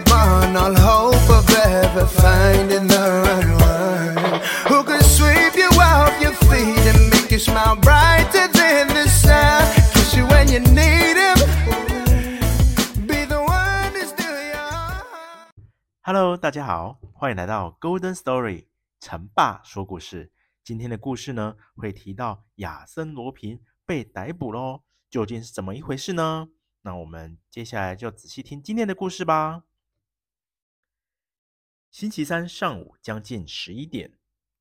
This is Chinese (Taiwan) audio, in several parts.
Hello，大家好，歡迎來到 Golden Story 成爸說故事。今天的故事呢，會提到亞森羅蘋被逮捕嘍，究竟是怎麼一回事呢？那我們接下來就仔細聽今天的故事吧。星期三上午將近十一點，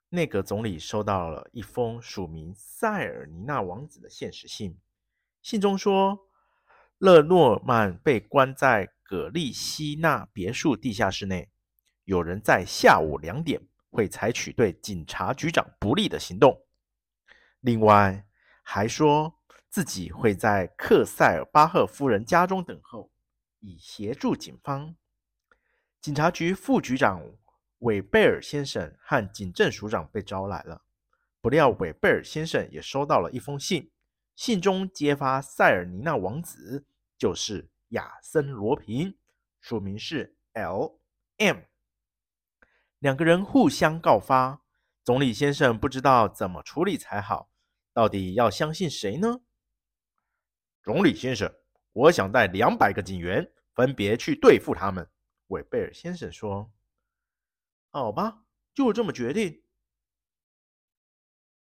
內閣總理收到了一封署名塞爾尼納王子的限時信。信中說，勒諾曼被關在葛利希納別墅地下室內，有人在下午兩點會採取對警察局長不利的行動。另外，還說自己會在克塞爾巴赫夫人家中等候，以協助警方。警察局副局長韋貝爾先生和警政署長被招來了。不料韋貝爾先生也收到了一封信，信中揭發塞爾尼納王子就是亞森羅平，署名是 L.M。兩個人互相告發，總理先生不知道怎麼處理才好，到底要相信誰呢？總理先生，我想帶兩百個警員分別去對付他們。韋貝爾先生說：“好吧，就這麼決定。”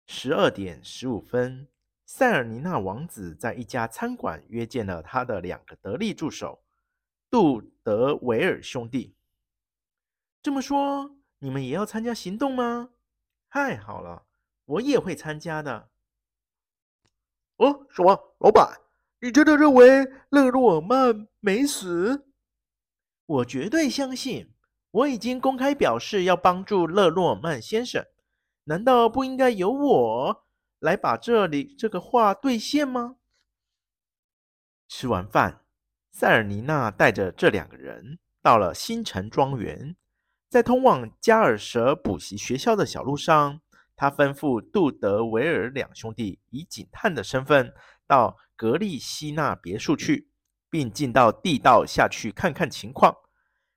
十二點十五分，塞爾尼納王子在一家餐館約見了他的兩個得力助手——杜德維爾兄弟。這麼說，你們也要參加行動嗎？太好了，我也會參加的。哦，什麼？老板，你真的認為勒諾爾曼沒死？我絕對相信，我已經公開表示要幫助勒諾曼先生，難道不應該由我來把這裡這個話兌現嗎？吃完飯，塞爾尼娜帶着這兩個人到了新城莊園，在通往加爾舍補習學校的小路上，他吩咐杜德維爾兩兄弟以警探的身份到格利西納別墅去。並進到地道下去看看情況，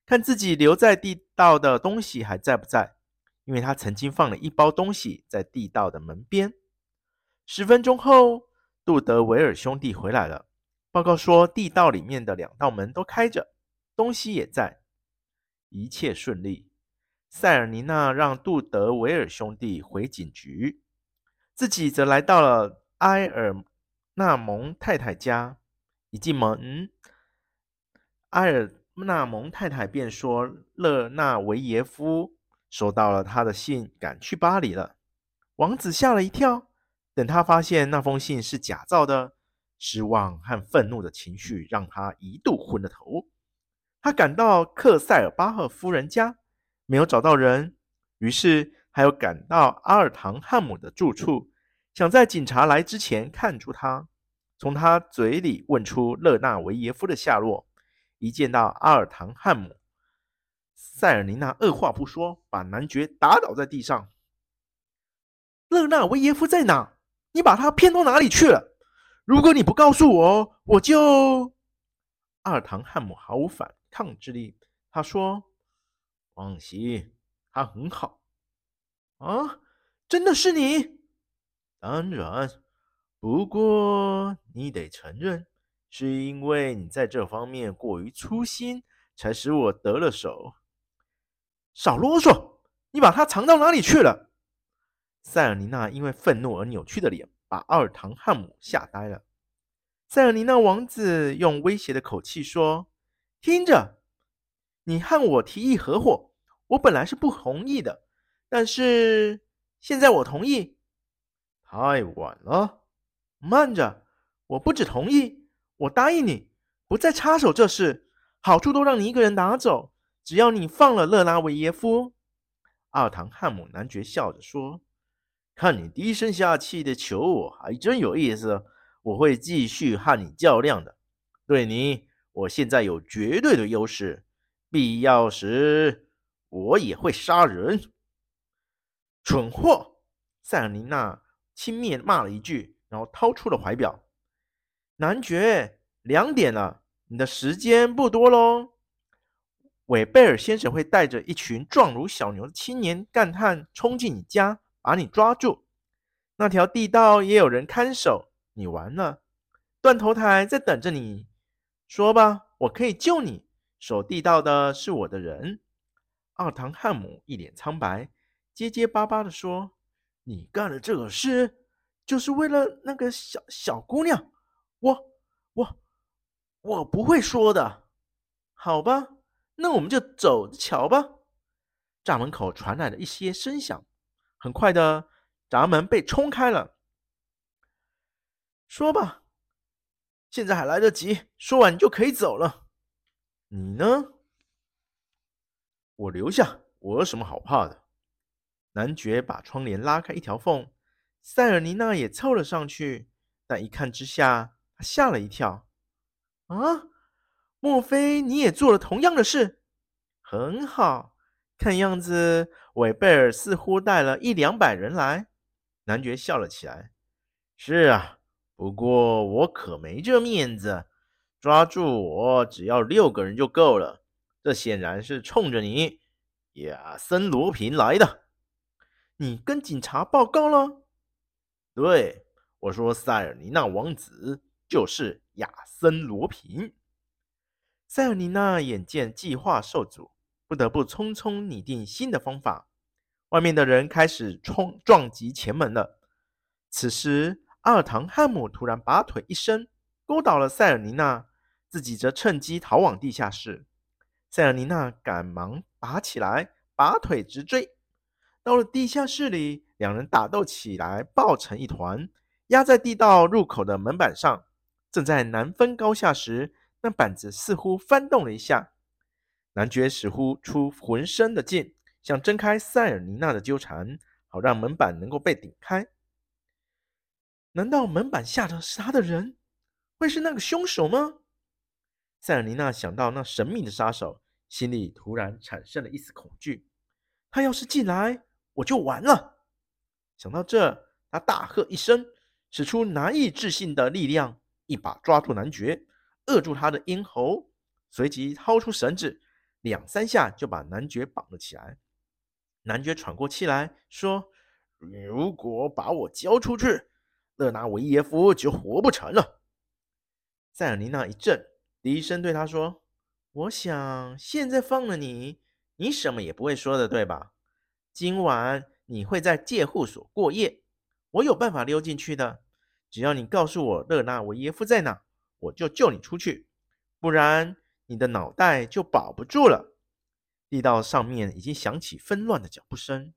看自己留在地道的東西還在不在，因為他曾經放了一包東西在地道的門邊。十分鐘後，杜德維爾兄弟回來了，報告說地道裡面的兩道門都開着，東西也在，一切順利。塞爾尼娜讓杜德維爾兄弟回警局，自己則來到了埃爾納蒙太太家。一進門，埃爾納蒙太太便說：“勒納維耶夫收到了他的信，趕去巴黎了。”王子嚇了一跳。等他發現那封信是假造的，失望和憤怒的情緒讓他一度昏了頭。他趕到克塞爾巴赫夫人家，沒有找到人，於是還要趕到阿爾唐漢姆的住處，想在警察來之前看住他。從他嘴裡問出勒納維耶夫的下落。一見到阿爾唐漢姆，塞爾尼娜二話不說，把男爵打倒在地上。勒納維耶夫在哪？你把他騙到哪裡去了？如果你不告訴我，我就……阿爾唐漢姆毫無反抗之力。他說：“放心，他很好。”啊，真的是你？當然。不過，你得承認，是因為你在這方面過於粗心，才使我得了手。少囉嗦！你把他藏到哪裡去了？塞爾尼娜因為憤怒而扭曲的臉，把奧爾唐漢姆嚇呆了。塞爾尼娜王子用威脅的口氣說：“聽着，你和我提議合夥，我本來是不同意的，但是現在我同意。”太晚了。慢着，我不止同意，我答應你不再插手這事，好處都讓你一個人拿走。只要你放了勒拉維耶夫，奧唐漢姆男爵笑着說：“看你低聲下氣的求我，還真有意思。我會繼續和你較量的。對你，我現在有絕對的優勢，必要時我也會殺人。”蠢貨，塞琳娜輕蔑罵了一句。然後掏出了懷錶，男爵，兩點了，你的時間不多嘍。韋貝爾先生會帶着一群壯如小牛的青年幹探衝進你家，把你抓住。那條地道也有人看守，你完了。斷頭台在等着你。說吧，我可以救你。守地道的是我的人。奧唐漢姆一臉蒼白，結結巴巴的說：“你幹了這個事。”就是為了那個小小姑娘，我我我不會說的，好吧？那我們就走着瞧吧。閘門口傳來了一些聲響，很快的閘門被衝開了。說吧，現在還來得及，說完你就可以走了。你呢？我留下，我有什麼好怕的？男爵把窗簾拉開一條縫。塞爾尼娜也湊了上去，但一看之下，他嚇了一跳。“啊，莫非你也做了同樣的事？”“很好，看樣子韋貝爾似乎帶了一兩百人來。”男爵笑了起來。“是啊，不過我可沒這面子。抓住我，只要六個人就夠了。這顯然是衝着你，亞森羅蘋來的。你跟警察報告了？”對，我說：“塞爾尼娜王子就是亞森·羅平。”塞爾尼娜眼見計劃受阻，不得不匆匆擬定新的方法。外面的人開始衝撞擊前門了。此時，阿爾唐漢姆突然拔腿一伸，勾倒了塞爾尼娜，自己則趁機逃往地下室。塞爾尼娜趕忙爬起來，拔腿直追。到了地下室裡，兩人打鬥起來，抱成一團，壓在地道入口的門板上。正在難分高下時，那板子似乎翻動了一下。男爵使出渾身的勁，想掙開塞爾尼娜的糾纏，好讓門板能夠被頂開。難道門板下的是他的人？會是那個兇手嗎？塞爾尼娜想到那神秘的殺手，心裡突然產生了一絲恐懼。他要是進來，我就完了！想到這，他大喝一聲，使出難以置信的力量，一把抓住男爵，扼住他的咽喉，隨即掏出繩子，兩三下就把男爵綁了起來。男爵喘過氣來說：“如果把我交出去，勒拿維耶夫就活不成了。”塞爾尼娜一震，低聲對他說：“我想現在放了你，你什麼也不會說的，對吧？”今晚你會在戒護所過夜，我有辦法溜進去的。只要你告訴我勒納維耶夫在哪，我就救你出去，不然你的腦袋就保不住了。地道上面已經響起紛亂的腳步聲。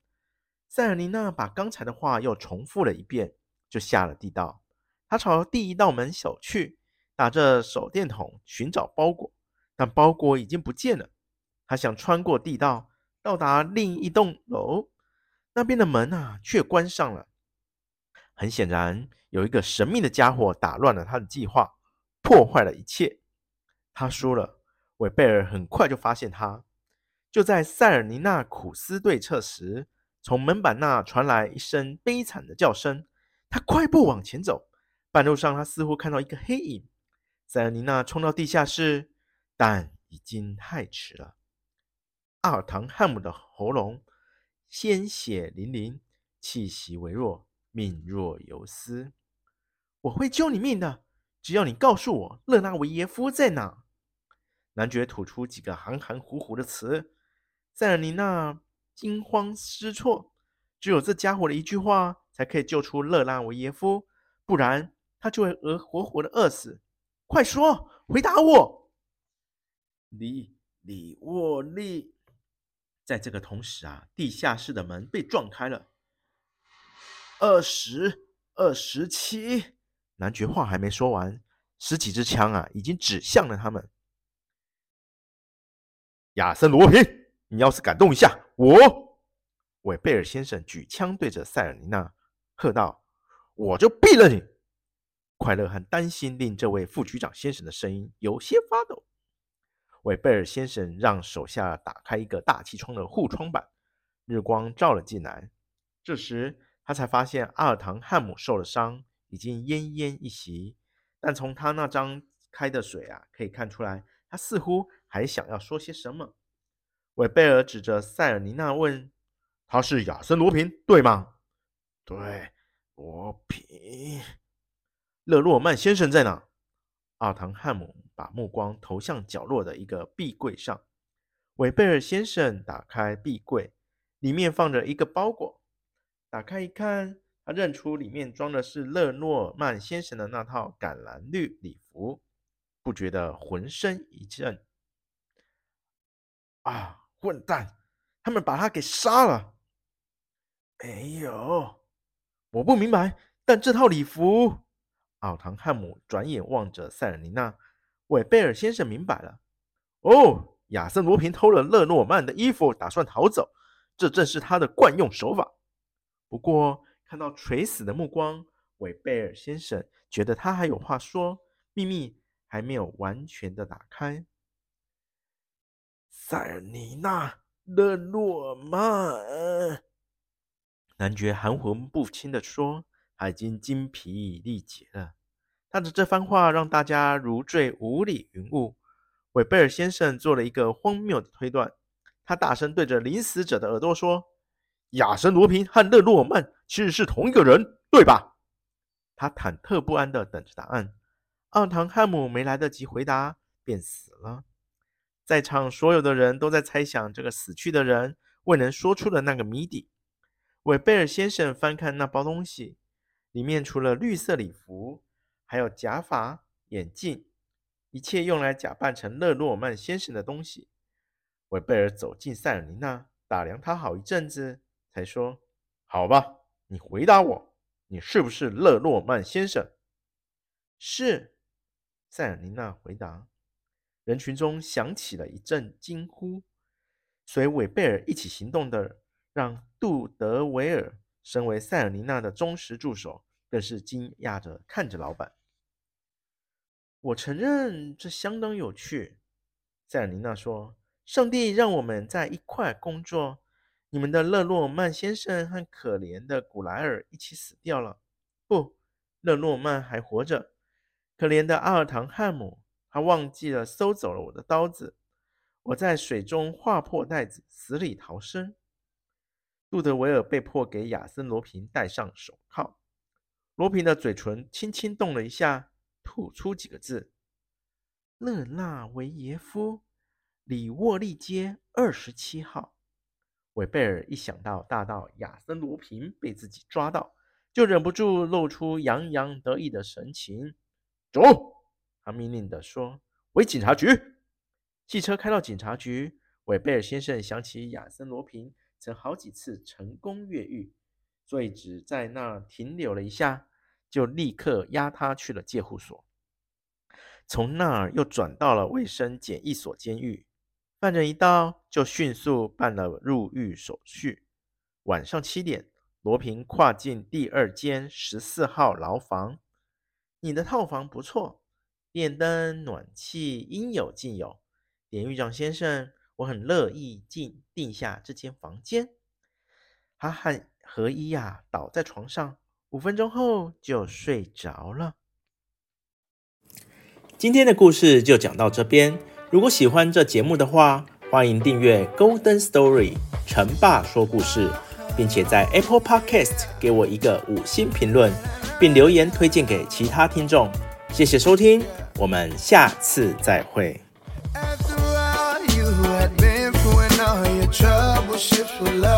塞爾尼娜把剛才的話又重複了一遍，就下了地道。她朝第一道門走去，打着手電筒尋找包裹，但包裹已經不見了。她想穿過地道。到達另一棟樓，那邊的門啊，卻關上了。很顯然，有一個神秘的家伙打亂了他的計劃，破壞了一切。他輸了，韋貝爾很快就發現他。就在塞爾尼娜苦思對策時，從門板那傳來一聲悲慘的叫聲。他快步往前走，半路上他似乎看到一個黑影。塞爾尼娜衝到地下室，但已經太遲了。阿爾唐漢姆的喉嚨鮮血淋漓，氣息微弱，命若游絲。我會救你命的，只要你告訴我勒拉維耶夫在哪。男爵吐出幾個含含糊糊的詞。在你那驚慌失措，只有這家伙的一句話才可以救出勒拉維耶夫，不然他就會、呃、活活的餓死。快說，回答我。你你，沃利。我你在這個同時啊，地下室的門被撞開了。二十二十七，男爵話還沒說完，十幾支槍啊已經指向了他們。亞森羅蘋，你要是敢動一下，我……韋貝爾先生舉槍對着塞爾尼娜，喝道：“我就斃了你！”快樂和擔心令這位副局長先生的聲音有些發抖。韋貝爾先生讓手下打開一個大氣窗的護窗板，日光照了進來。這時他才發現阿爾唐漢姆受了傷，已經奄奄一息。但從他那張開的嘴啊，可以看出來，他似乎還想要說些什麼。韋貝爾指着塞爾尼娜問：“他是亞森羅平，對嗎？”“對，羅平。”“勒洛曼先生在哪？”“阿爾唐漢姆。”把目光投向角落的一個壁櫃上，韋貝爾先生打開壁櫃，裡面放着一個包裹。打開一看，他認出裡面裝的是勒諾曼先生的那套橄欖綠禮服，不覺得渾身一震。啊，混蛋！他們把他給殺了！沒有，我不明白。但這套禮服，奧唐漢姆轉眼望着塞爾尼娜。韋貝爾先生明白了。哦，亞森·羅蘋偷了勒諾曼的衣服，打算逃走，這正是他的慣用手法。不過，看到垂死的目光，韋貝爾先生覺得他還有話說，秘密還沒有完全的打開。塞爾尼娜·勒諾曼，男爵含混不清的說，他已經精疲力竭了。看着這番話，讓大家如墜五里雲霧。韋貝爾先生做了一個荒謬的推斷，他大聲對着臨死者的耳朵說：“亞森羅蘋和勒諾曼其實是同一個人，對吧？”他忐忑不安地等着答案。奧唐漢姆沒來得及回答，便死了。在場所有的人都在猜想這個死去的人未能說出的那個謎底。韋貝爾先生翻看那包東西，裡面除了綠色禮服。還有假髮、眼鏡，一切用來假扮成勒諾曼先生的東西。韋貝爾走近塞爾尼娜，打量他好一陣子，才說：“好吧，你回答我，你是不是勒諾曼先生？”“是。”塞爾尼娜回答。人群中響起了一陣驚呼。隨韋貝爾一起行動的讓·杜德維爾，身為塞爾尼娜的忠實助手。更是驚訝着看着老闆。我承認這相當有趣，賽爾尼娜說：“上帝讓我們在一塊工作。你們的勒諾曼先生和可憐的古萊爾一起死掉了。不，勒諾曼還活着。可憐的阿爾唐漢姆，他忘記了收走了我的刀子。我在水中劃破袋子，死裡逃生。杜德維爾被迫給亞森·羅平戴上手銬。”羅平的嘴唇輕輕動了一下，吐出幾個字：“勒納維耶夫，里沃利街二十七號。”韋貝爾一想到大盜亞森·羅平被自己抓到，就忍不住露出洋洋得意的神情。“走！”他命令地說，“回警察局。”汽車開到警察局，韋貝爾先生想起亞森·羅平曾好幾次成功越獄。最只在那停留了一下，就立刻押他去了戒護所，從那兒又轉到了衛生檢疫所監獄。犯人一到，就迅速辦了入獄手續。晚上七點，羅平跨進第二間十四號牢房。你的套房不錯，電燈、暖氣應有盡有。典獄長先生，我很樂意進訂下這間房間。哈哈。和衣呀、啊，倒在床上，五分鐘後就睡着了。今天的故事就講到這邊。如果喜歡這節目的話，歡迎訂閱《Golden Story》陳爸說故事，並且在 Apple Podcast 給我一個五星評論，並留言推薦給其他聽眾。謝謝收聽，我們下次再會。After all, you had been